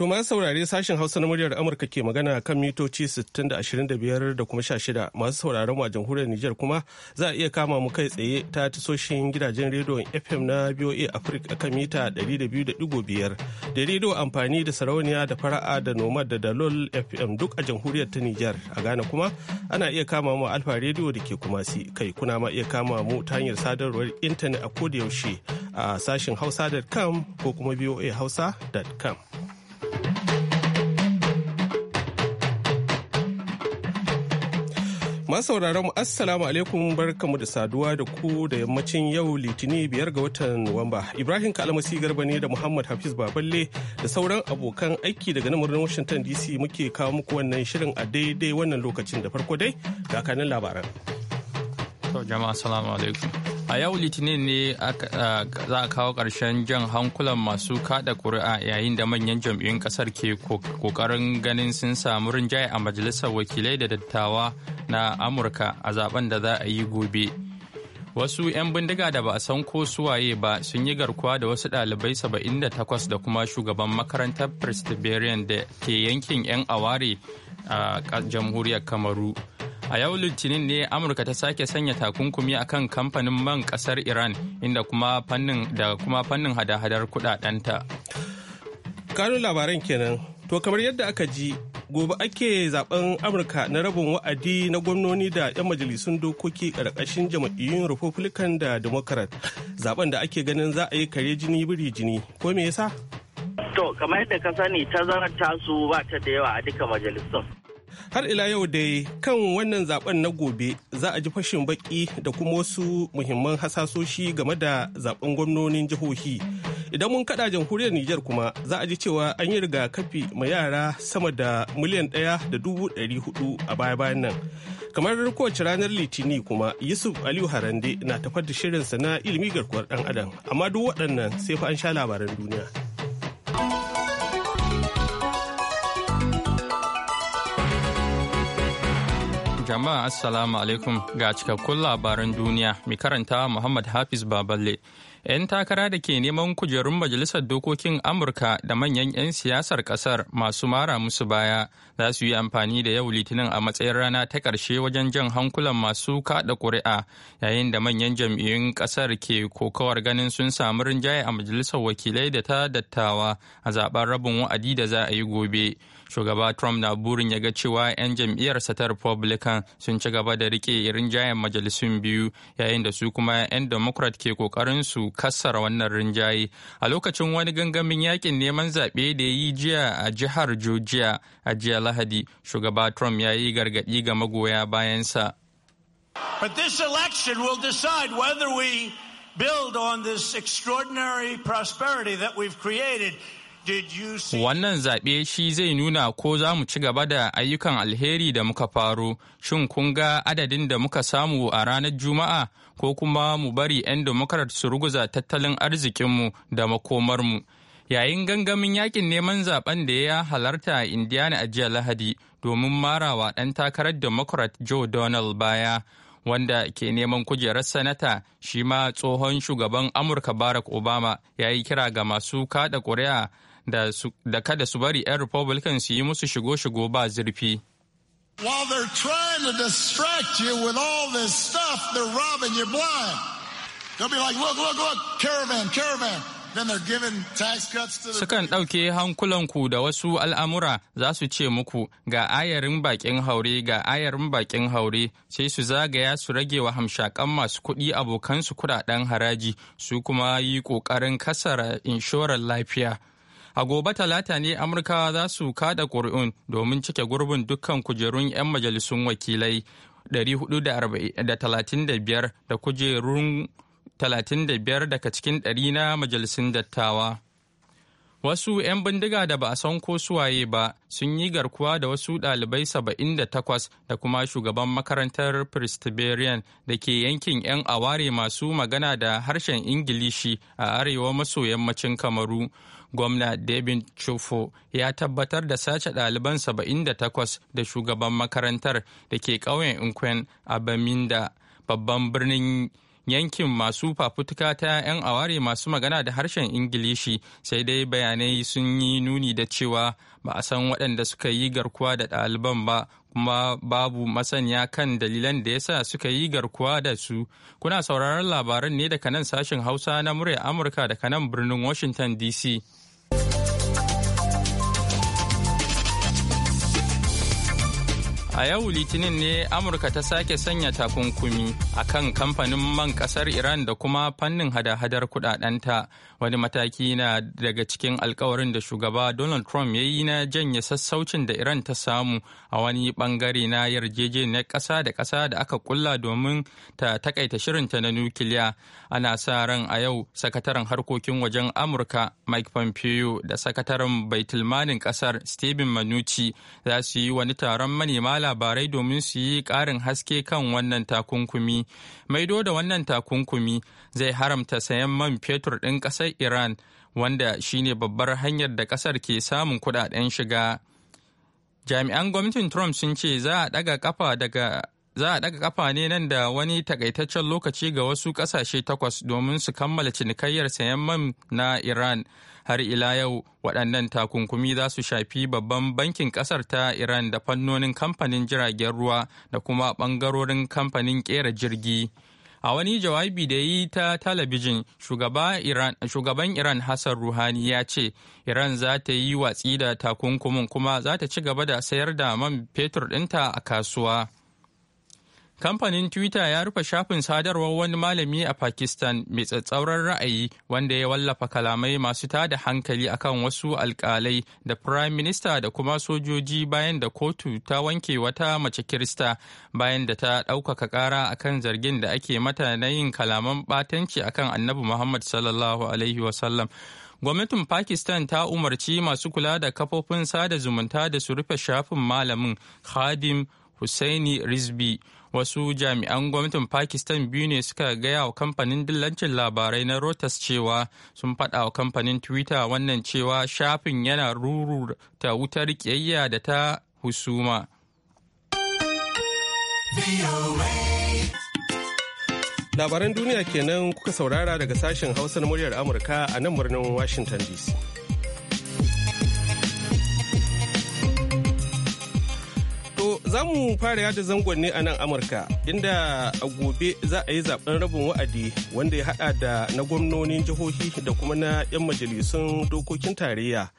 To masu saurare sashen Hausa na muryar Amurka ke magana kan mitoci 60 da 25 da kuma 16 masu sauraron wa jamhuriyar Nijar kuma za a iya kama mu kai tsaye ta tasoshin gidajen rediyon FM na BOA Africa kan mita 200.5 da rediyo amfani da sarauniya da fara'a da nomad da dalol FM duk a jamhuriyar ta Nijar a Ghana kuma ana iya kama mu alfa rediyo da ke kuma si kai kuna ma iya kama mu ta hanyar sadarwar intanet a koda yaushe a sashen hausa.com ko kuma boa hausa.com. sauraron mu assalamu alaikum barkamu da saduwa da ku da yammacin yau litini biyar ga watan nuwamba ibrahim kalmasi garba ne da muhammad hafiz baballe da sauran abokan aiki daga nan washington dc muke kawo muku wannan shirin a daidai wannan lokacin da farko dai ga kanin labaran jama'a salamu alaikum. A yau litinin ne za a kawo ƙarshen jan hankulan masu kada kuri'a yayin da manyan jam'iyyun ƙasar ke kokarin ganin sun samu rinjaye a majalisar wakilai da dattawa na Amurka a zaben da za a yi gobe. Wasu 'yan bindiga da ba a san ko suwaye ba sun yi garkuwa da wasu dalibai 78 da kuma shugaban makarantar Presbyterian da ke yankin 'yan aware a jamhuriyar Kamaru. A yau Litinin ne Amurka ta sake sanya takunkumi a kan kamfanin man kasar Iran inda kuma fannin da kuma fannin hada-hadar ta. Kano labaran kenan. To kamar yadda aka ji gobe ake zaben Amurka na rabin wa'adi na gwamnoni da 'yan majalisun dokoki karkashin jam'iyyun Republican da Democrat. Zaben da ake ganin za a yi kare jini biri jini. Ko me yasa? To kamar yadda ka sani tazarar tasu ba ta da yawa a duka majalisun. har ila yau dai kan wannan zaben na gobe za a ji fashin baki da kuma wasu muhimman hasasoshi game da zaben gwamnonin jihohi idan mun kada jamhuriyar Nijar kuma za a ji cewa an yi rigakafi ma yara sama da miliyan ɗaya da dubu ɗari hudu a baya bayan nan kamar kowace ranar litini kuma yusuf aliyu harande na tafar da shirinsa na ilimi garkuwar ɗan adam amma duk waɗannan sai fa an sha labaran duniya. Jama'a Assalamu alaikum ga cikakkun labaran duniya mai karanta Muhammad Hafiz Baballe. 'Yan takara da ke neman kujerun Majalisar Dokokin Amurka da manyan 'yan siyasar kasar masu mara musu baya za su yi amfani da yau litinin a matsayin rana ta ƙarshe wajen jan hankulan masu kaɗa ƙuri'a yayin da manyan jam'iyyun ƙasar ke kokawar ganin sun samu rinjaye a Majalisar Wakilai da ta dattawa a zaben rabin wa'adi da za a yi gobe. shugaba trump na burin ya ga cewa 'yan jam'iyyarsa ta republican sun ci gaba da rike rinjayen majalisun biyu yayin da su kuma 'yan democrat ke kokarin su kassara wannan rinjaye a lokacin wani gangamin yakin neman zaɓe da ya yi jiya a jihar georgia a jiya lahadi shugaba trump ya yi gargaɗi ga magoya bayansa But this election will decide whether we build on this extraordinary prosperity that we've created Wannan zaɓe shi zai nuna ko za mu ci gaba da ayyukan alheri da muka faru shin kun ga adadin da muka samu a ranar Juma'a ko kuma mu bari 'yan Democrat su ruguza tattalin arzikinmu da makomarmu. Yayin gangamin yakin neman zaɓen da ya halarta a Indiana a jiya Lahadi domin marawa ɗan takarar Democrat Joe Donald baya. wanda ke neman kujerar sanata shi ma tsohon shugaban amurka barack obama ya yi kira ga masu kaɗa ƙuri'a da kada su bari 'yan Republican su yi musu shigo-shigo ba zurfi. While they're trying to distract Sukan ɗauke hankulanku da wasu al'amura za su ce muku ga ayarin bakin haure ga ayarin bakin haure sai su zagaya su rage wa hamshakan masu kuɗi abokansu kuɗaɗen haraji su kuma yi ƙoƙarin kasara inshorar lafiya A gobe talata ne amurka za su kada ƙuri'un domin cike gurbin dukkan kujerun 'yan majalisun wakilai 435 da kujerun 35 daga cikin 100 na majalisun dattawa. Wasu 'yan bindiga da ba a san ko suwaye ba sun yi garkuwa da wasu ɗalibai 78 da kuma shugaban makarantar Presbyterian da ke yankin 'yan aware masu magana da harshen Ingilishi a arewa maso yammacin Kamaru. Gwamna David Chofo ya tabbatar da sace ɗaliban 78 da shugaban makarantar da ke ƙauyen Nkwen a Baminda babban birnin yankin masu fafutuka ta 'yan aware masu magana da harshen ingilishi sai dai bayanai sun yi nuni da cewa ba a san waɗanda suka yi garkuwa da ɗaliban ba kuma babu masaniya kan dalilan da yasa suka yi garkuwa da su kuna sauraron labaran ne daga nan sashen hausa na murya amurka daga nan birnin washington dc a yau litinin ne amurka ta sake sanya takunkumi a kan kamfanin man kasar iran da kuma fannin hada-hadar kudadanta wani mataki na daga cikin alkawarin da shugaba donald trump ya yi na janye sassaucin da iran ta samu a wani bangare na yarjejeniyar kasa da kasa da aka kulla domin ta takaita shirinta na nukiliya ana sa ran a yau sakataren harkokin wajen amurka mike pompeo da sakataren baitulmanin kasar stephen manucci za su yi wani taron manema labarai domin su yi ƙarin haske kan wannan takunkumi. Maido da wannan takunkumi zai haramta sayan man fetur ɗin ƙasar Iran, wanda shine babbar hanyar da ƙasar ke samun kuɗaɗen shiga. Jami'an gwamnatin Trump sun ce za a ɗaga kafa daga za a ɗaga kafa ne nan da wani takaitaccen lokaci ga wasu ƙasashe takwas domin su kammala cinikayyar sayan man na Iran. Har ila yau waɗannan takunkumi za su shafi babban bankin ƙasar ta Iran da fannonin kamfanin jiragen ruwa da kuma ɓangarorin kamfanin ƙera jirgi. A wani jawabi da yi ta talabijin, shugaban Iran Hassan Ruhani ya ce, Iran za ta yi watsi da takunkumin kuma za ta ci gaba da sayar da man fetur ɗinta a kasuwa. Kamfanin Twitter ya rufe shafin sadarwar wani malami a Pakistan mai tsatsauran ra'ayi wanda ya wallafa kalamai masu tada hankali akan wasu alkalai da Prime Minister da kuma sojoji bayan da kotu ta wanke wata mace Kirista bayan da ta ɗaukaka ƙara akan zargin da ake mata na yin kalaman batanci akan Annabi Muhammad sallallahu alaihi wasallam. gwamnatin pakistan ta umarci masu kula da kafofin sada zumunta da su rufe shafin malamin khadim hussaini rizbi wasu jami'an gwamnatin pakistan biyu ne suka gaya wa kamfanin dillancin labarai na reuters cewa sun faɗa wa kamfanin twitter wannan cewa shafin yana ta wutar kiyayya da ta husuma labaran duniya kenan kuka saurara daga sashen hausa na muryar amurka a nan birnin washington dc za mu fara yada zangon ne a nan amurka inda a gobe za a yi zaben rabin wa'adi wanda ya hada da na gwamnonin jihohi da kuma na 'yan majalisun dokokin tarayya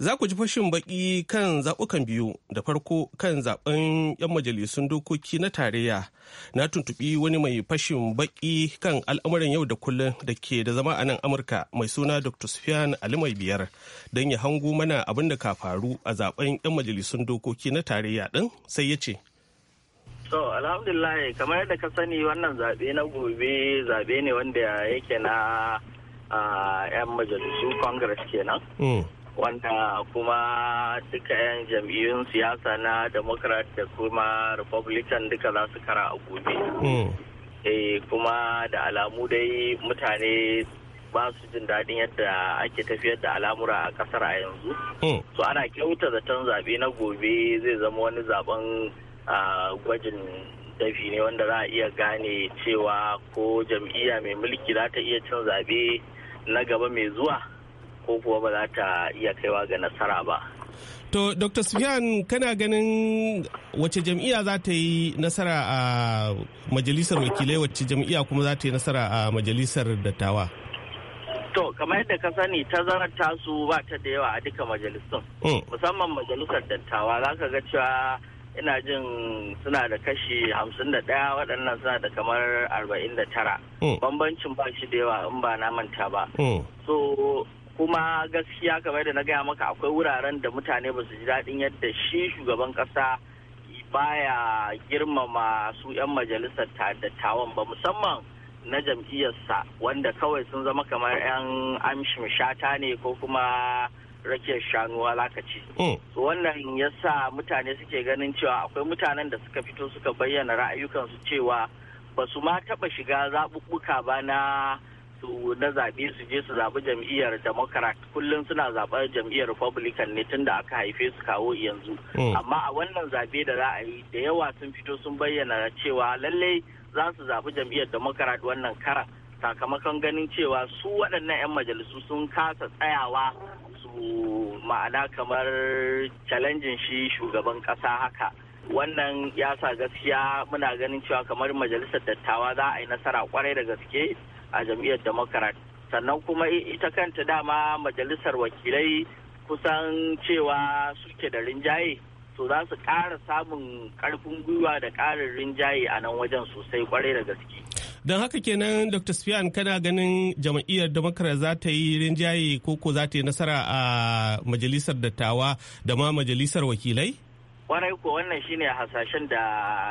Za ku ji fashin baki kan zaɓukan biyu da farko kan zaɓen 'yan majalisun dokoki na tarayya. Na tuntuɓi wani mai fashin baki kan al'amuran yau da kullum da ke da zama a nan Amurka mai suna Dr. Sufyan Alimai mai biyar don ya hango mana abin da ka faru a zaɓen 'yan majalisun dokoki na tarayya ɗin sai ya ce. So, alhamdulillah kamar yadda ka sani wannan zaɓe na gobe zaɓe ne wanda yake na 'yan ah, majalisu Congress kenan. Mm. wanda kuma duka 'yan jam'iyyun siyasa na democrat da kuma republican duka za su kara a gobe hmm. eh, kuma da alamu dai mutane ba su jin daɗin yadda ake tafiyar da al'amura a ƙasar a yanzu hmm. so ana kyauta zaton zaɓe na gobe zai zama wani zaben gwajin dafi ne wanda za a iya gane cewa ko jam'iyya mai mulki za ta iya cin zaɓe na gaba mai zuwa ko kuwa ba za ta iya kaiwa ga nasara ba to dr sufyan kana ganin wace jam'iyya za ta yi nasara a majalisar wakilai wace jam'iyya kuma za ta yi nasara a majalisar dattawa to kamar yadda ka sani tazarar tasu ba ta da yawa a duka majalisun mm. musamman majalisar dattawa za ka ga cewa ina jin suna da kashi hamsin da ɗaya waɗannan suna da kamar arba'in da tara mm. bambancin ba shi da yawa in ba na manta ba mm. so kuma gaskiya kamar da na gaya maka akwai wuraren da mutane ba su ji daɗin yadda shi shugaban ƙasa baya girmama su 'yan majalisar tawon ba musamman na jam'iyyarsa wanda kawai sun zama kamar 'yan amshin shata ne ko kuma rakiyar shanu lakaci. Hmm. wannan ya sa mutane suke ganin cewa akwai mutanen da suka fito suka bayyana ra'ayukansu cewa ba su ma taɓa shiga zaɓuɓɓuka ba na su na zaɓe su je su zaɓi jam'iyyar democrat kullum suna zaɓar jam'iyyar republican ne tun da aka haife su kawo yanzu hmm. amma a wannan zaɓe da za a yi da yawa sun fito sun bayyana cewa lallai za su zaɓi jam'iyyar democrat wannan kara sakamakon ganin cewa su waɗannan 'yan majalisu sun kasa tsayawa su ma'ana kamar challenging shi shugaban ƙasa haka wannan ya sa gaskiya muna ganin cewa kamar majalisar dattawa za a yi nasara kwarai da gaske a jam'iyyar democrat sannan kuma ita kanta dama majalisar wakilai kusan cewa suke da rinjaye to za su ƙara samun ƙarfin gwiwa da ƙarin rinjaye a nan wajen sosai kwarai da gaske don haka kenan dr spian kana ganin jam'iyyar democrat za ta yi rinjaye ko ko za ta yi nasara a majalisar dattawa da ma majalisar wakilai kwarai ko wannan shine hasashen da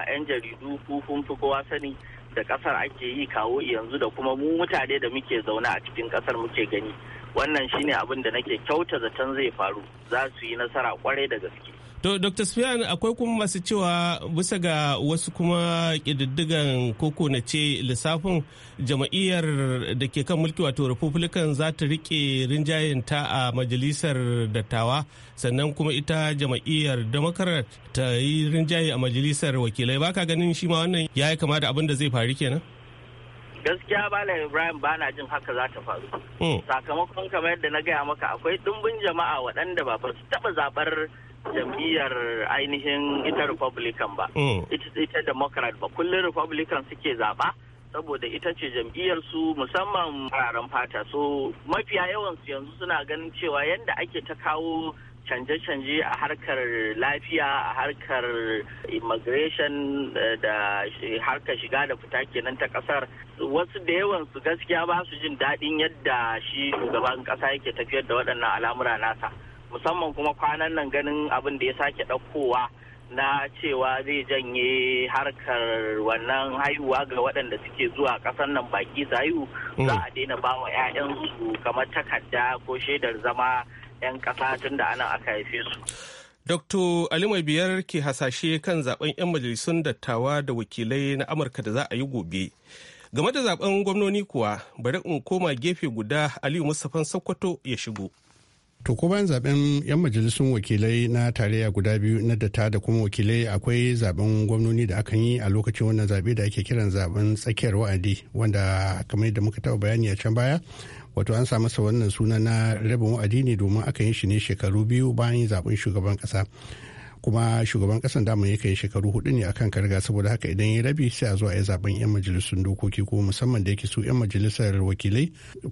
'yan jaridu ko fi kowa sani da kasar ake yi kawo yanzu da kuma mu mutane da muke zaune a cikin kasar muke gani wannan shine abin da nake kyauta zaton zai faru za su yi nasara kwarai da gaske To, Dr. Sufyan akwai kuma masu cewa bisa ga wasu kuma ƙididdigan koko na ce lissafin jama'iyyar da ke kan mulki wato Republican za ta riƙe ta a majalisar dattawa sannan kuma ita jama'iyyar Democrat ta yi rinjaye a majalisar wakilai baka ganin shi ma wannan ya yi kama da abin da zai faru kenan? gaskiya na ibrahim ba na jin haka za ta faru hmm. sakamakon kamar yadda na gaya maka akwai dumbin jama'a waɗanda ba su taɓa zaɓar jam'iyyar ainihin mm. ita republican ba ita democrat ba kullum republican suke zaɓa saboda ita ce jam'iyyar su musamman fararen fata so mafiya yawan su yanzu suna ganin cewa yadda ake ta kawo canje-canje a harkar lafiya a harkar immigration eh, da harkar shiga da fita kenan ta kasar wasu da yawan su gaskiya ba su jin daɗin yadda shi shugaban ƙasa yake tafiyar da waɗannan al'amura nasa musamman kuma kwanan nan ganin abin da ya sake ɗaukowa na cewa zai janye harkar wannan haihuwa ga waɗanda suke zuwa ƙasar nan baki za hmm. za a daina ba wa 'ya'yansu kamar takarda ko shaidar zama 'yan ƙasa tun da ana aka haife su. Dr. Ali Mai Biyar ke hasashe kan zaben 'yan majalisun dattawa da wakilai na Amurka da za a yi gobe. Game da zaben gwamnoni kuwa, bari in koma gefe guda Aliyu Mustapha Sokoto ya shigo. to ko bayan zaben yan majalisun wakilai na tarayya guda biyu na data da kuma wakilai akwai zaben gwamnoni da aka yi a lokacin wannan zabe da ake kiran zaben tsakiyar wa'adi wanda kamar da muka taba bayani a can baya wato an sa masa wannan suna na rabin wa'adi ne domin aka yi shi ne shekaru biyu bayan zaben shugaban kasa kuma shugaban kasan dama ya yi shekaru hudu ne akan karga saboda haka idan ya rabi sai a zo a yi zaben yan majalisun dokoki ko musamman da yake su yan majalisar wakilai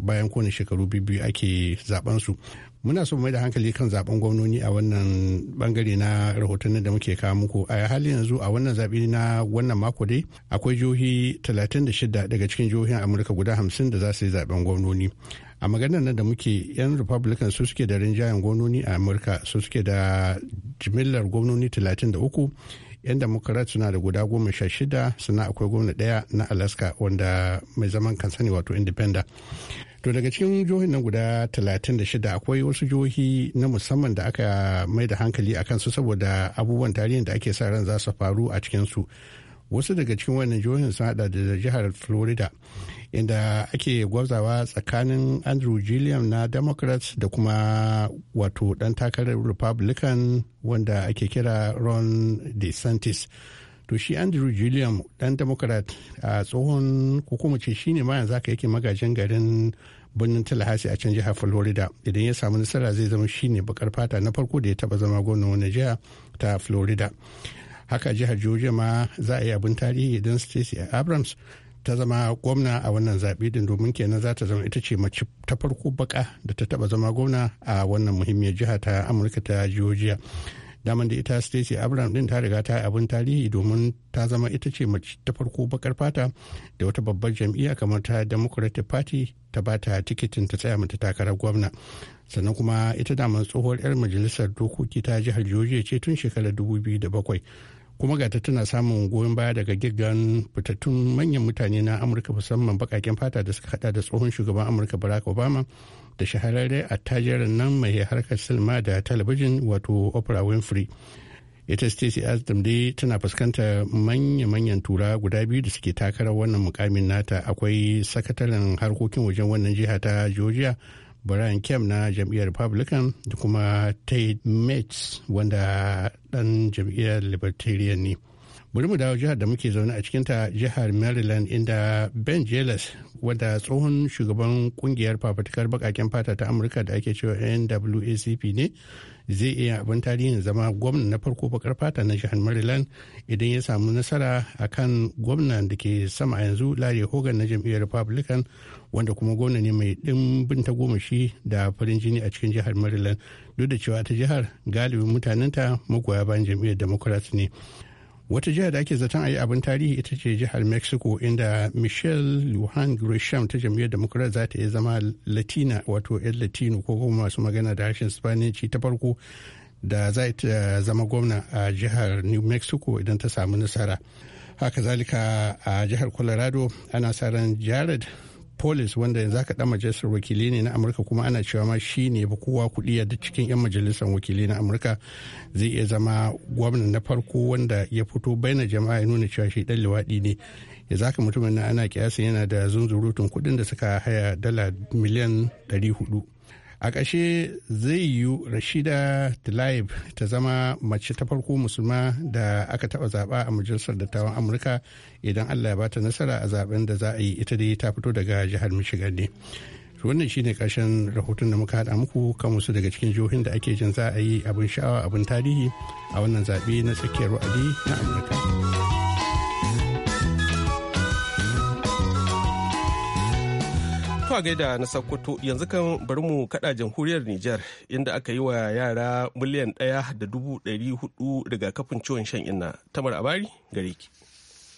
bayan kowane shekaru biyu ake zaben su muna so mai da hankali kan zaben gwamnoni a wannan bangare na rahotannin da muke kawo muku a halin yanzu a wannan zaɓe na wannan mako dai akwai jihohi 36 daga cikin jihohin amurka guda 50 da za su yi zaben gwamnoni a maganar nan da muke yan republican su suke da rinjayen gwamnoni a amurka su suke da jimillar gwamnoni 33 yan democrat suna da guda goma sha shida suna akwai gwamna daya na alaska wanda mai zaman kansani sani wato independent to daga cikin jihohin nan guda 36 akwai wasu jihohi na musamman da aka mai da hankali a kansu saboda abubuwan tarihin da ake sa ran za su faru a cikinsu wasu daga cikin wannan jihohin sun hada da jihar florida inda ake gwazawa tsakanin andrew gilliam na democrats da kuma wato dan takarar republican wanda ake kira ron santis. to shi andrew william dan democrat a tsohon hukumace shi ce shine ma yanzu yake magajin garin birnin tallahassee a can jihar florida idan ya samu nasara zai zama shine bakar fata na farko da ya taba zama gwamnan wani jiha ta florida haka jihar georgia ma za a yi abin tarihi idan stacey abrams ta zama gwamna a wannan zaɓe din domin kenan za ta zama ita ce mace ta farko baka da ta taba zama gwamna a wannan muhimmiyar jiha ta amurka ta georgia daman da ita stacy abraham din ta riga ta yi abin tarihi domin ta zama ita ce mace ta farko bakar fata da wata babbar jam'iyya kamar ta democratic party ta ba ta tikitin ta tsaya mata takarar gwamna sannan kuma ita daman tsohuwar 'yar majalisar dokoki ta jihar georgia ce tun shekarar bakwai kuma gata tana samun goyon baya daga gigan fitattun manyan mutane na amurka musamman bakaken fata da suka hada da tsohon shugaban amurka barack obama da shahararre attajirin nan mai harkar silma da talabijin wato opera winfrey ita stacy asdam dai tana fuskantar manya-manyan tura guda biyu da suke takarar wannan mukamin nata akwai sakataren harkokin wajen wannan jiha ta georgia brian kemp na jam'iyyar republican da kuma tate mates wanda dan jam'iyyar libertarian ne bari mu dawo jihar da muke zaune a cikinta jihar maryland inda ben jealous wadda tsohon shugaban kungiyar fafatukar bakaken fata ta amurka da ake cewa nwacp ne zai iya abin tarihin zama gwamna na farko bakar fata na jihar maryland idan ya samu nasara a kan gwamna da ke sama yanzu larry hogan na jam'iyyar republican wanda kuma gwamna ne mai dimbin ta goma shi da farin jini a cikin jihar maryland duk da cewa ta jihar galibin mutanenta magoya bayan jam'iyyar Democrat ne wata jihar da ake zaton a yi abin tarihi ita ce jihar mexico inda michelle luhan grisham ta jam'iyyar democrat za ta iya zama latina wato 'yan latino ko kuma masu magana da harshen spaniyanci ta farko da za ta zama gwamna a jihar new mexico idan ta samu nasara haka zalika a jihar colorado ana sa ran jared polis wanda yanzu aka dan majalisar wakilai ne na amurka kuma ana cewa ma shi ne ba kowa kuɗi da cikin 'yan majalisar wakilai na amurka zai iya zama gwamna na farko wanda ya fito baina jama'a ya nuna cewa shi dan luwaɗi ne ya zaka mutumin na ana kiyasin yana da zunzurutun kuɗin da suka haya dala miliyan 400 a ƙashe zai yiwu rashida tlaib ta zama mace ta farko musulma da aka taɓa zaɓa a majalisar dattawan amurka idan allah ya bata nasara a zaɓen da za a yi ita dai ta fito daga jihar michigan ne wannan shine ƙarshen rahoton da muka haɗa muku kan wasu daga cikin jihohin da ake jin za a yi abin sha'awa abin tarihi a wannan zaɓe na tsakiyar wa'adi na amurka To gaida na Sokoto yanzu kan bari mu kada jamhuriyar Nijar inda aka yi wa yara miliyan ɗaya da dubu ɗari hudu rigakafin ciwon shan inna. Tamar Abari gare ki.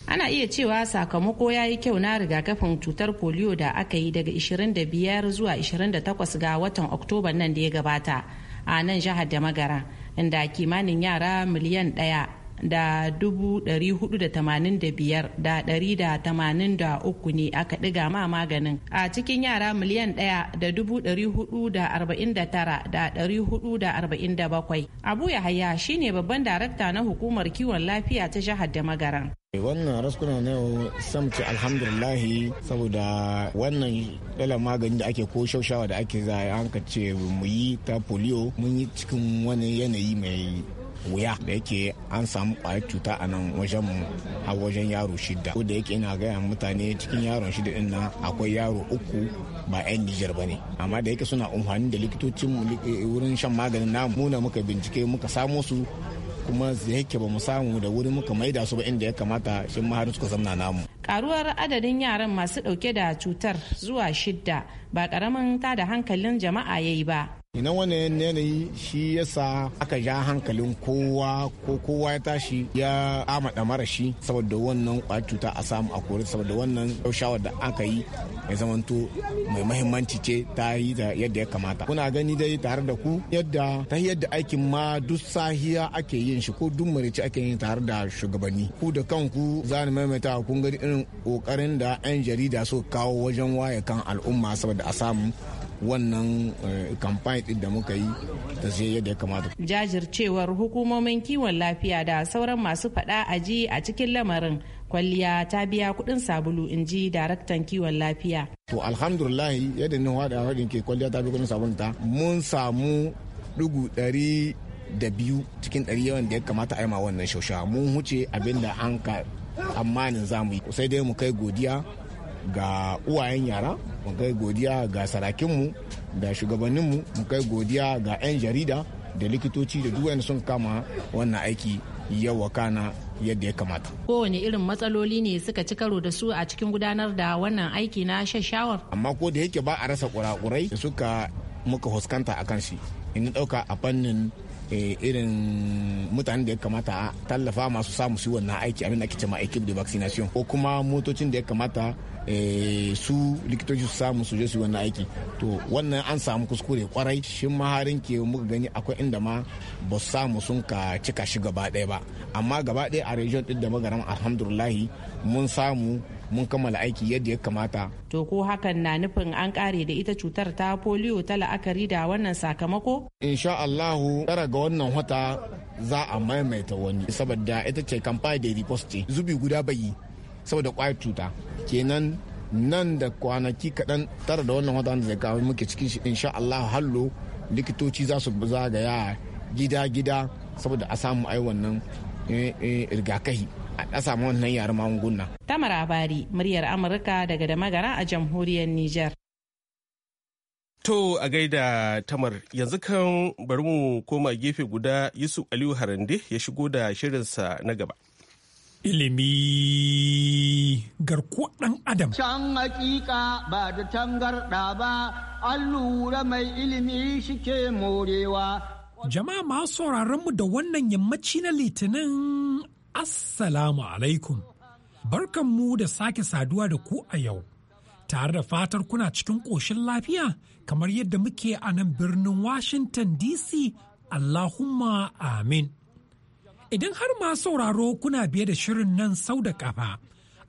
Ana iya cewa sakamako ya yi kyau na rigakafin cutar polio da aka yi daga 25 zuwa 28 ga watan Oktoba nan da ya gabata a nan jihar da magara inda kimanin yara miliyan ɗaya da dubu da tamanin ne aka ɗiga ma maganin a cikin yara miliyan ɗaya da dubu da arba'in da tara da abu yahaya shine babban darakta na hukumar kiwon lafiya ta jihar da magaran wannan raskuna na yau samci alhamdulillahi saboda wannan dalar magani da ake ko shaushawa da ake za a hankace mu yi ta polio mun yi cikin wani yanayi mai wuya da yake an samu kwayar cuta a nan wajen mu a wajen yaro shidda ko da yake ina gaya mutane cikin yaron shida din nan akwai yaro uku ba 'yan Nijar ba ne amma da yake suna umfani da likitocin eh, wurin shan maganin namu muna muka bincike muka samo su kuma da yake ba mu samu da wuri muka maida su ba inda ya kamata shin ma har suka zamna namu karuwar adadin yaran masu dauke da cutar zuwa shidda ba karamin tada hankalin jama'a yayi ba Ina wannan yanayi shi yasa aka ja hankalin kowa ko kowa ya tashi ya ama mara shi saboda wannan kwayar cuta a samu a kori saboda wannan shawar da aka yi ya zamanto mai mahimmanci ce ta yi da yadda ya kamata. Kuna gani dai tare da ku yadda ta yadda aikin ma duk sahiya ake yin shi ko duk marici ake yin tare da shugabanni. Ku da kanku za ni maimaita kun gani irin kokarin da 'yan jarida so kawo wajen waye kan al'umma saboda a samu wannan kamfani eh, din da muka yi ta sai yadda ya kamata. Jajircewar hukumomin kiwon lafiya da sauran masu faɗa a ji a cikin lamarin kwalliya ta biya kuɗin sabulu in ji daraktan kiwon lafiya. To alhamdulillahi yadda nan da haɗin ke kwalliya ta biya kuɗin sabulu ta mun samu dugu ɗari da biyu cikin ɗari yawan da ya kamata a yi ma wannan shaushawa mun huce abinda da an ka tsammanin zamu yi sai dai mu kai godiya ga uwayen yara mu kai godiya ga sarakinmu da shugabanninmu mu kai godiya ga 'yan jarida da likitoci da duk sun kama wannan aiki yau kana yadda ya kamata. Kowane irin matsaloli ne suka ci karo da su a cikin gudanar da wannan aiki na shashawar. Amma ko da yake ba a rasa kurakurai da suka muka huskanta a kan shi. In ɗauka a fannin Eh, irin mutanen da ya kamata a tallafa masu samu su wannan aiki abin da ake cewa ekip de vaccination ko kuma motocin da ya kamata eh, su likitoci su samu su je su wannan aiki to wannan an samu kuskure kwarai shin maharin ke muka gani akwai inda ma ba su samu sun ka cika shi gaba ɗaya ba amma gaba ɗaya a region din da magaram alhamdulillahi mun samu mun kammala aiki yadda ya kamata. To ko hakan na nufin an kare da ita cutar ta polio ta la'akari da wannan sakamako? Insha Allahu tara ga wannan wata za a maimaita wani saboda ita ce kamfani da riposte zubi guda bayi saboda kwayar cuta kenan nan da kwanaki kaɗan tara da wannan wata zai kawo muke cikin shi insha allahu hallo likitoci za su zagaya gida-gida saboda a samu ai wannan eh, eh, rigakahi. a samu wannan yaren magunguna. Tamar Bari, muryar Amurka daga da magana a jamhuriyar Nijar. To a gaida tamar yanzu kan bari mu koma gefe guda Yusuf Aliyu Harande ya shigo da shirinsa na gaba. Ilimi garkuwar ɗan Adam. Can hakika ba da tangarɗa ba, an lura mai ilimi shike morewa. Jama'a masu sauraron mu da wannan yammaci na litinin Assalamu alaikum. Barkan mu da sake saduwa da ku a yau, tare da fatar kuna cikin ƙoshin lafiya kamar yadda muke a nan birnin Washington DC, Allahumma amin. Idan har ma sauraro kuna biye da shirin nan sau da ƙafa,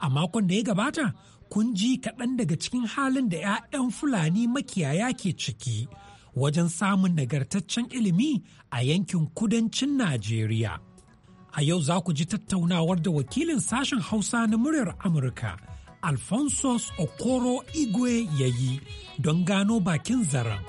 a makon da ya gabata kun ji kaɗan daga cikin halin da 'ya'yan Fulani makiyaya ke ciki wajen samun nagartaccen ilimi a yankin kudancin Najeriya. A yau za ku ji tattaunawar da wakilin sashen Hausa na muryar Amurka, Alfonso Okoro Igwe yayi don gano bakin zaren.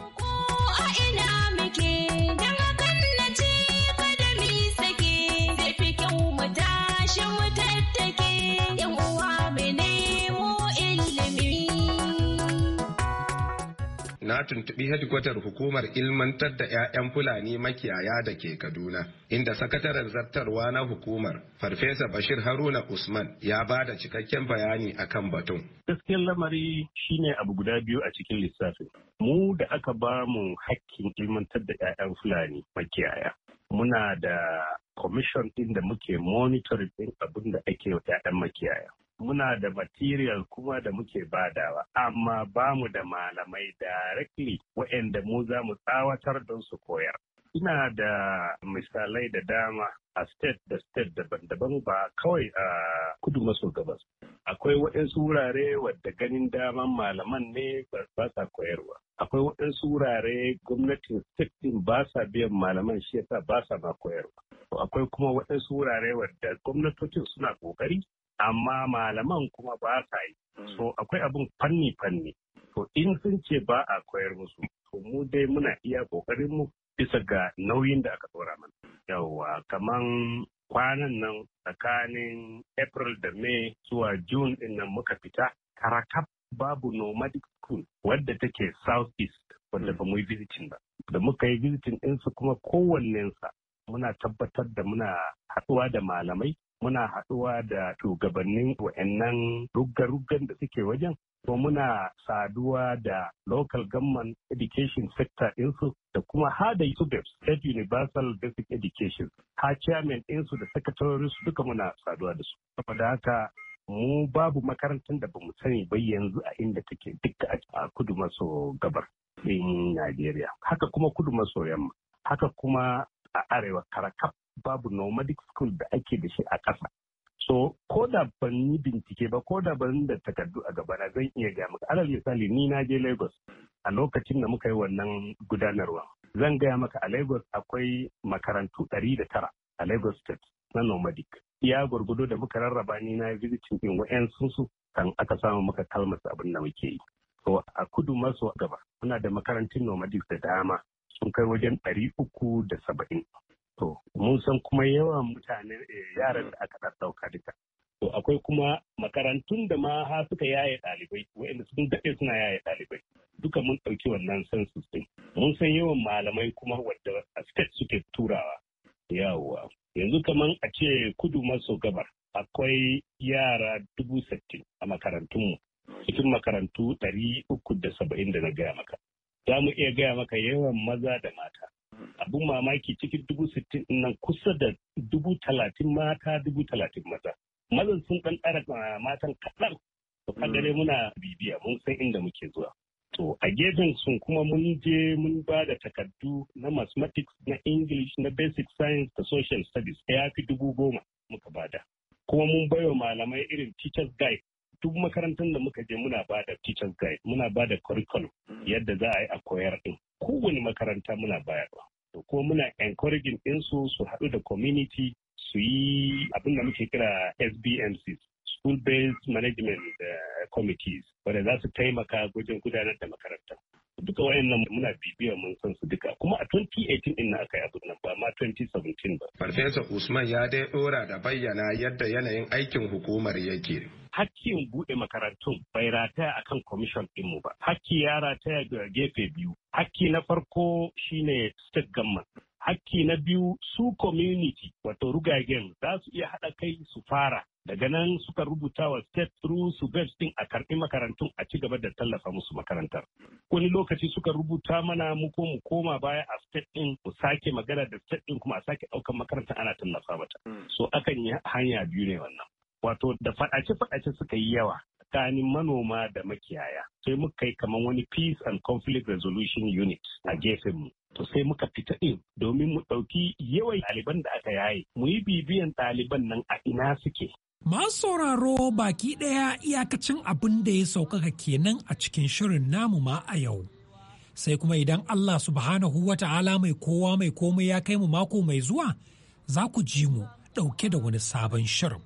na tuntubi hedkwatar hukumar ilmantar da 'ya'yan Fulani makiyaya da ke Kaduna, inda sakataren zartarwa na hukumar Farfesa Bashir Haruna Usman ya ba da cikakken bayani a kan batun. Gaskiyar lamari shine abu guda biyu a cikin lissafin. Mu da aka ba mu hakkin ilmantar da 'ya'yan Fulani makiyaya. Muna da commission ɗin da muke monitoring ɗin abin da ake wa 'ya'yan makiyaya. muna da material kuma da muke badawa amma ba mu da malamai directly wa'anda mu za mu tsawatar don su koyar ina da misalai da dama a state da state daban-daban ba kawai a kudu maso gabas akwai waɗansu wurare wadda ganin daman malaman ne ba sa koyarwa akwai waɗansu wurare gwamnatin state din ba sa biyan malaman shi yasa ba sa ma koyarwa akwai kuma waɗansu wurare wadda gwamnatocin suna ƙoƙari amma malaman kuma ba sa yi hmm. so akwai abin fanni fanni to in sun ce ba a koyar musu to mu dai muna iya kokarin mu bisa ga nauyin da aka dora mana yawwa kaman kwanan nan tsakanin april da may zuwa june din nan muka fita karakap babu nomadic school wadda take south east wadda ba mu yi visiting ba da muka yi visiting ɗinsu kuma kowannensa muna tabbatar da muna haɗuwa da malamai muna haɗuwa da shugabannin wa'annan rugga-ruggan da suke wajen ko muna saduwa da local government education sector ɗinsu da kuma hada su state universal basic education ha chairman ɗinsu da su duka muna saduwa da su saboda haka mu babu makarantar da bamu sani ba yanzu a inda take duka a kudu maso gabar in Najeriya haka kuma kudu maso yamma haka kuma a arewa karakaf babu nomadic school da ake da shi a ƙasa so ko da ban yi bincike ba ko da ban da takardu a gabana zan iya gaya maka alal misali ni na je lagos a lokacin da muka yi wannan gudanarwa zan gaya maka a lagos akwai makarantu ɗari da tara a lagos state na nomadic iya gwargwado da muka rarraba ni na visitin in wa'yan su kan aka samu maka kalmas abin da muke yi So a kudu maso gaba muna da makarantun nomadic da dama sun kai wajen ɗari uku da saba'in To, mun san kuma yawan mutanen eh, yaran da aka ɗauka duka. To, akwai kuma makarantun da ma ha suka yaye ɗalibai, wa'inda sun daɗe suna yaye ɗalibai. Duka mun ɗauki wannan san ɗin. Mun san yawan malamai kuma wadda a state suke turawa. Yawwa. Yanzu kaman a ce kudu maso gabar akwai yara dubu sittin a makarantunmu. Cikin makarantu ɗari uku da saba'in da na gaya maka. Za mu iya gaya maka yawan maza da mata. abin mamaki cikin dubu sittin nan kusa da dubu talatin mata dubu talatin maza mazan sun ɗan ɗara matan kaɗan to kadare mm. muna bibiya mun san inda muke zuwa to a gefen sun kuma mun je mun ba da takardu na mathematics na english na basic science da social studies ya fi dubu goma muka bada kuma mun baiwa malamai irin teachers guide duk makarantar da muka je muna ba da teachers guide muna ba da curriculum mm. yadda za a yi a koyar din kowane makaranta muna bayarwa kuma muna encouraging ɗinsu su haɗu da community su yi abin da muke kira sbmc school-based management uh, committees wadda za su taimaka wajen gudanar da makaranta. duka wayannan muna bibiya mun san su duka kuma a 2018 din na aka yi abu nan ba ma 2017 ba farfesa usman ya dai dora da bayyana yadda yanayin aikin hukumar yake hakkin buɗe makarantun bai rataya akan din ɗinmu ba hakki ya rataya ga gefe biyu hakki na farko shine state government hakki na biyu su community wato rugagen za su iya haɗa kai su fara daga nan suka rubuta wa state through best din a karbi makarantun a ci gaba da tallafa musu makarantar wani lokaci suka rubuta mana mu ko mu koma baya a state din mu sake magana da state din kuma a sake daukan makarantar ana tallafa mata hmm. so akan yi hanya biyu ne wannan wato da faɗace faɗace suka yi yawa tsakanin manoma da makiyaya sai muka yi kamar wani peace and conflict resolution unit a gefen mu. to sai muka fita ɗin domin mu ɗauki yawan ɗaliban da aka yaye mu yi bibiyan ɗaliban nan a ina suke Masu sauraro baki ɗaya iyakacin abin da ya sauƙaƙa kenan a cikin shirin namu ma a yau. Sai kuma idan Allah subhanahu wa ta'ala mai kowa mai komai ya kai mu mako mai zuwa, za ku ji mu ɗauke da wani sabon shirin.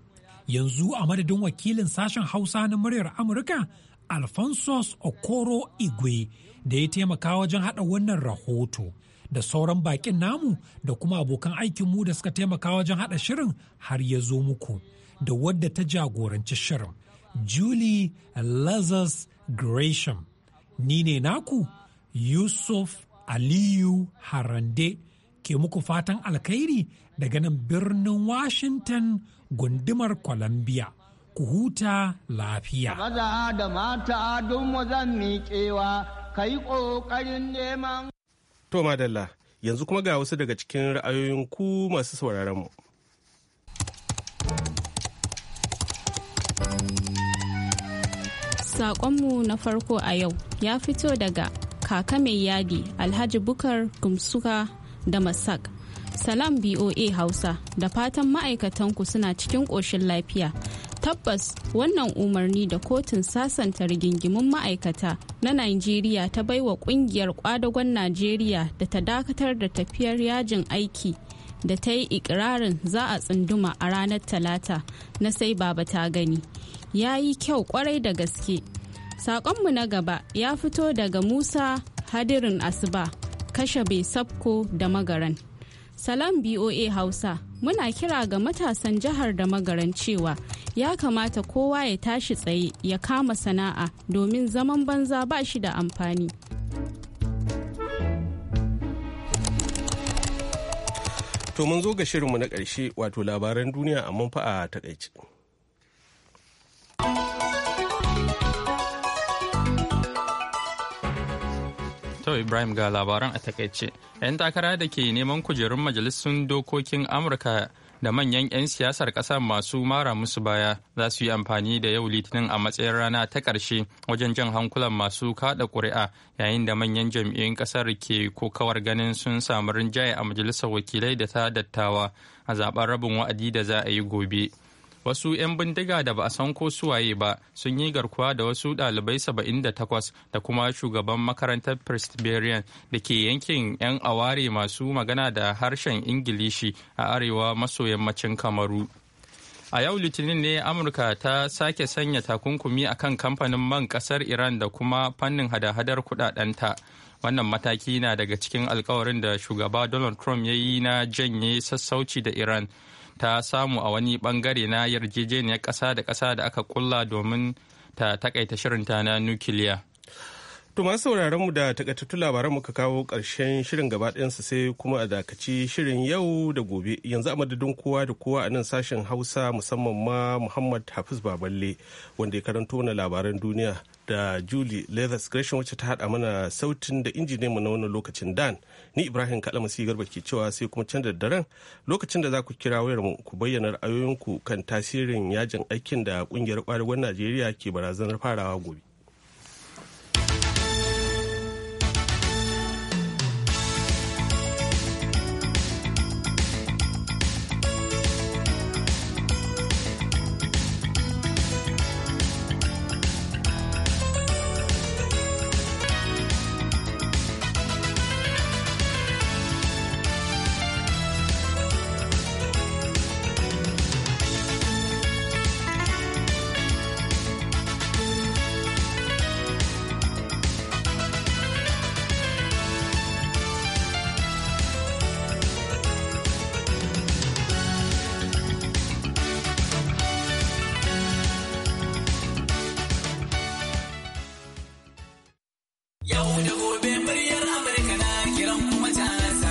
Yanzu a madadin wakilin sashen Hausa na muryar Amurka, Alphonsus Okoro Igwe, da ya taimaka wajen haɗa wannan rahoto. da sauran bakin namu da kuma abokan aikinmu da suka taimaka wajen haɗa shirin har ya zo muku. da wadda ta jagoranci shirin Julie Lazarus Gresham. Ni ne naku Yusuf Aliyu Harande ke muku fatan alkhairi daga nan birnin Washington gundumar Columbia. Ku huta lafiya. Maza da mata don zan miƙewa, ka yi ƙoƙarin neman. To, Madalla, yanzu kuma ga wasu daga cikin ra'ayoyin ku masu sauraronmu. mu. Saƙonmu na farko a yau ya fito daga kaka mai yadi Alhaji Bukar Gumsuka da Masak. Salam BOA Hausa da fatan ma'aikatanku suna cikin ƙoshin lafiya. Tabbas wannan umarni da kotun sasanta rigingimun ma'aikata na Najeriya ta baiwa ƙungiyar ƙwadagon Najeriya da ta dakatar da tafiyar yajin aiki da ta yi ikirarin za a tsunduma a ranar talata na sai baba ta gani ya yi kyau kwarai da gaske saƙonmu na gaba ya fito daga musa hadirin asuba kashe bai sabko da magaran salam boa hausa muna kira ga matasan jihar da magaran cewa ya kamata kowa ya tashi tsaye ya kama sana'a domin zaman banza ba shi da amfani To mun zo ga shirinmu na ƙarshe wato labaran duniya amma fa a ta To Ibrahim ga labaran a takaice. 'Yan takara da ke neman kujerun majalisun dokokin Amurka da manyan 'yan siyasar kasar masu mara musu baya za su yi amfani da yau litinin a matsayin rana ta ƙarshe wajen jan hankulan masu kaɗa ƙuri'a yayin da manyan jam'iyyun ƙasar ke kokawar ganin sun samu rinjaye a majalisar wakilai da ta dattawa a zaben rabin wa'adi da za a yi gobe. wasu 'yan bindiga da ba a san ko suwaye ba sun yi garkuwa da wasu dalibai 78 da kuma shugaban makarantar presbyterian da ke yankin 'yan aware masu magana da harshen ingilishi a arewa maso yammacin kamaru a yau litinin ne amurka ta sake sanya takunkumi akan kamfanin man kasar iran da kuma fannin hada-hadar ta wannan mataki na daga cikin alkawarin da shugaba donald trump ya yi na janye sassauci da iran ta samu a wani bangare na yarjejeniyar ƙasa da ƙasa da aka kulla domin ta takaita shirinta na nukiliya. To masu sauraron mu da takaitattun labaran muka kawo ƙarshen shirin gaba ɗayansu sai kuma a dakaci shirin yau da gobe yanzu a madadin kowa da kowa a nan sashen Hausa musamman ma Muhammad Hafiz Baballe wanda ya karanto mana labaran duniya da Julie Leathers Gresham wacce ta haɗa mana sautin da injiniyan mu na wannan lokacin Dan. ni ibrahim kalamasi garba ke cewa sai kuma can da daren lokacin da za ku kira wayar mu ku bayyana ra'ayoyinku kan tasirin yajin aikin da ƙungiyar kwadagon najeriya ke barazanar farawa gobe